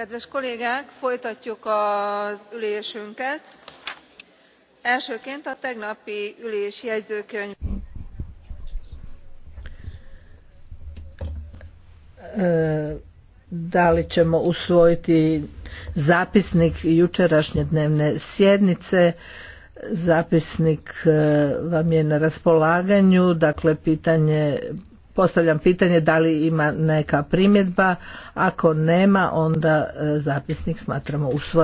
kedves kollégák folytatjuk az ülésünket. elsőként a tegnapi ülés jegyzőkönyvének da li ćemo usvojiti zapisnik jučerašnje dnevne sjednice zapisnik e, vam je na raspolaganju dakle pitanje postavljam pitanje da li ima neka primjedba. Ako nema, onda e, zapisnik smatramo usvojen